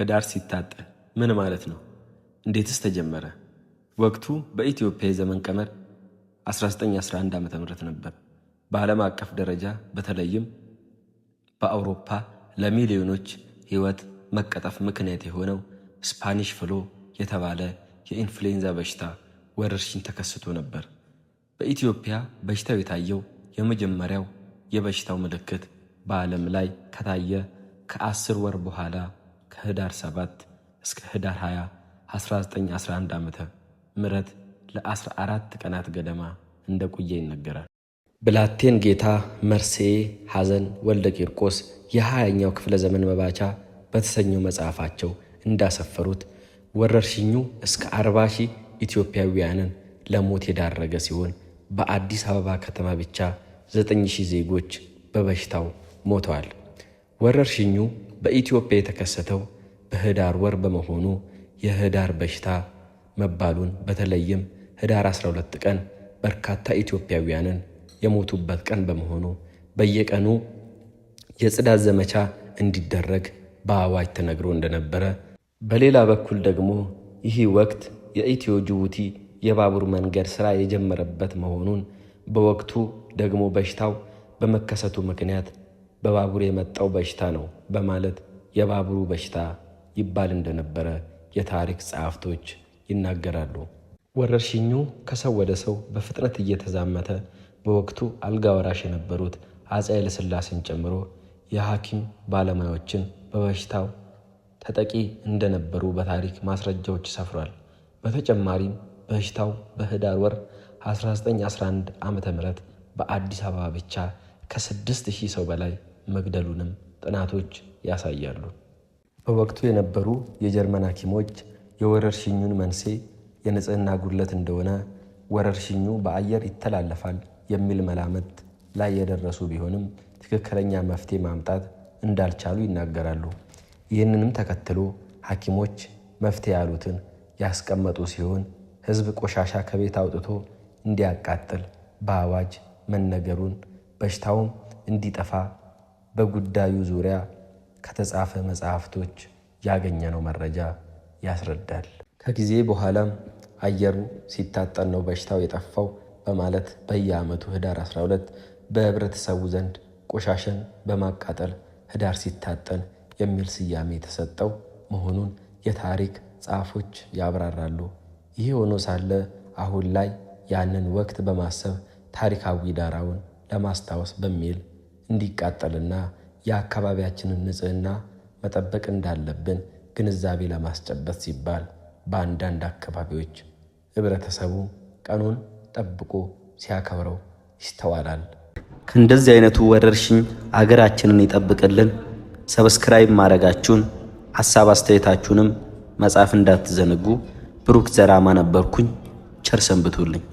ህዳር ሲታጠር ምን ማለት ነው? እንዴትስ ተጀመረ? ወቅቱ በኢትዮጵያ የዘመን ቀመር 1911 ዓ ም ነበር። በዓለም አቀፍ ደረጃ በተለይም በአውሮፓ ለሚሊዮኖች ሕይወት መቀጠፍ ምክንያት የሆነው ስፓኒሽ ፍሎ የተባለ የኢንፍሉዌንዛ በሽታ ወረርሽኝ ተከስቶ ነበር። በኢትዮጵያ በሽታው የታየው የመጀመሪያው የበሽታው ምልክት በዓለም ላይ ከታየ ከአስር ወር በኋላ ከህዳር 7 እስከ ህዳር 20 1911 ዓመተ ምሕረት ለ14 ቀናት ገደማ እንደ ቆየ ይነገራል። ብላቴን ጌታ መርስዔ ሐዘን ወልደ ቂርቆስ የ20ኛው ክፍለ ዘመን መባቻ በተሰኘው መጽሐፋቸው እንዳሰፈሩት ወረርሽኙ እስከ 40 ሺህ ኢትዮጵያውያንን ለሞት የዳረገ ሲሆን በአዲስ አበባ ከተማ ብቻ 9 ሺህ ዜጎች በበሽታው ሞተዋል። ወረርሽኙ በኢትዮጵያ የተከሰተው በህዳር ወር በመሆኑ የህዳር በሽታ መባሉን በተለይም ህዳር 12 ቀን በርካታ ኢትዮጵያውያንን የሞቱበት ቀን በመሆኑ በየቀኑ የጽዳት ዘመቻ እንዲደረግ በአዋጅ ተነግሮ እንደነበረ፣ በሌላ በኩል ደግሞ ይህ ወቅት የኢትዮ ጅቡቲ የባቡር መንገድ ሥራ የጀመረበት መሆኑን በወቅቱ ደግሞ በሽታው በመከሰቱ ምክንያት በባቡር የመጣው በሽታ ነው በማለት የባቡሩ በሽታ ይባል እንደነበረ የታሪክ ጸሐፍቶች ይናገራሉ። ወረርሽኙ ከሰው ወደ ሰው በፍጥነት እየተዛመተ በወቅቱ አልጋ ወራሽ የነበሩት አፄ ኃይለሥላሴን ጨምሮ የሐኪም ባለሙያዎችን በበሽታው ተጠቂ እንደነበሩ በታሪክ ማስረጃዎች ሰፍሯል። በተጨማሪም በሽታው በህዳር ወር 1911 ዓ ም በአዲስ አበባ ብቻ ከ6000 ሰው በላይ መግደሉንም ጥናቶች ያሳያሉ። በወቅቱ የነበሩ የጀርመን ሐኪሞች የወረርሽኙን መንስኤ የንጽህና ጉድለት እንደሆነ ወረርሽኙ በአየር ይተላለፋል የሚል መላምት ላይ የደረሱ ቢሆንም ትክክለኛ መፍትሄ ማምጣት እንዳልቻሉ ይናገራሉ። ይህንንም ተከትሎ ሐኪሞች መፍትሄ ያሉትን ያስቀመጡ ሲሆን ሕዝብ ቆሻሻ ከቤት አውጥቶ እንዲያቃጥል በአዋጅ መነገሩን በሽታውም እንዲጠፋ በጉዳዩ ዙሪያ ከተጻፈ መጽሐፍቶች ያገኘነው መረጃ ያስረዳል። ከጊዜ በኋላም አየሩ ሲታጠን ነው በሽታው የጠፋው በማለት በየዓመቱ ህዳር 12 በህብረተሰቡ ዘንድ ቆሻሻን በማቃጠል ህዳር ሲታጠን የሚል ስያሜ የተሰጠው መሆኑን የታሪክ ጻፎች ያብራራሉ። ይህ ሆኖ ሳለ አሁን ላይ ያንን ወቅት በማሰብ ታሪካዊ ዳራውን ለማስታወስ በሚል እንዲቃጠልና የአካባቢያችንን ንጽህና መጠበቅ እንዳለብን ግንዛቤ ለማስጨበት ሲባል በአንዳንድ አካባቢዎች ህብረተሰቡ ቀኑን ጠብቆ ሲያከብረው ይስተዋላል። ከእንደዚህ አይነቱ ወረርሽኝ አገራችንን ይጠብቅልን። ሰብስክራይብ ማድረጋችሁን ሐሳብ አስተያየታችሁንም መጻፍ እንዳትዘነጉ። ብሩክ ዘራማ ነበርኩኝ። ቸር ሰንብቱልኝ።